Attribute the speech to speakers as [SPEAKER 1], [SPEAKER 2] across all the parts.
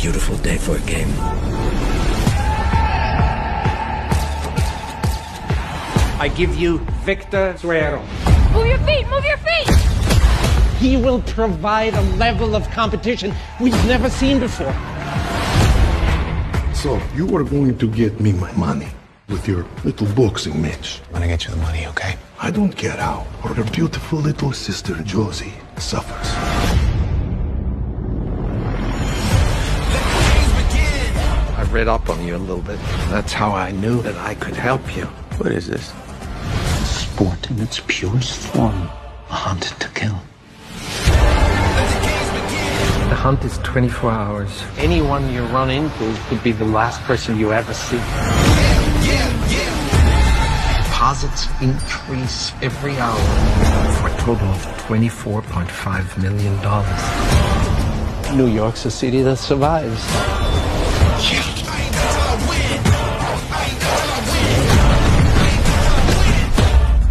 [SPEAKER 1] beautiful day for a game. I give you Victor Suero. Move your feet, move your feet! He will provide a level of competition we've never seen before. So, you are going to get me my money with your little boxing match. I'm gonna get you the money, okay? I don't care how our beautiful little sister Josie suffers. read up on you a little bit. That's how I knew that I could help you. What is this? Sport in its purest form. A hunt to kill. The hunt is 24 hours. Anyone you run into could be the last person you ever see. Deposits increase every hour for a total of $24.5 million. New York's a city that survives.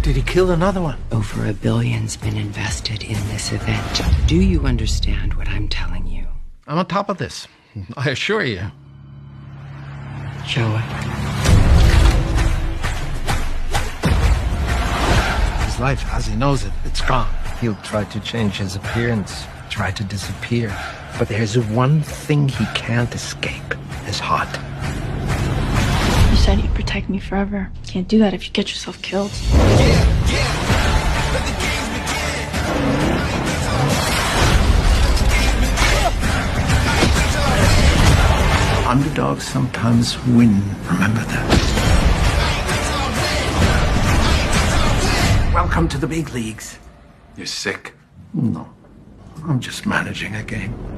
[SPEAKER 1] Did he kill another one? Over a billion's been invested in this event. Do you understand what I'm telling you? I'm on top of this. I assure you. Show it. His life, as he knows it, it's gone. He'll try to change his appearance, try to disappear. But there's one thing he can't escape his heart. Take me forever. Can't do that if you get yourself killed. Yeah, yeah. Underdogs sometimes win. Remember that. Welcome to the big leagues. You're sick? No. I'm just managing a game.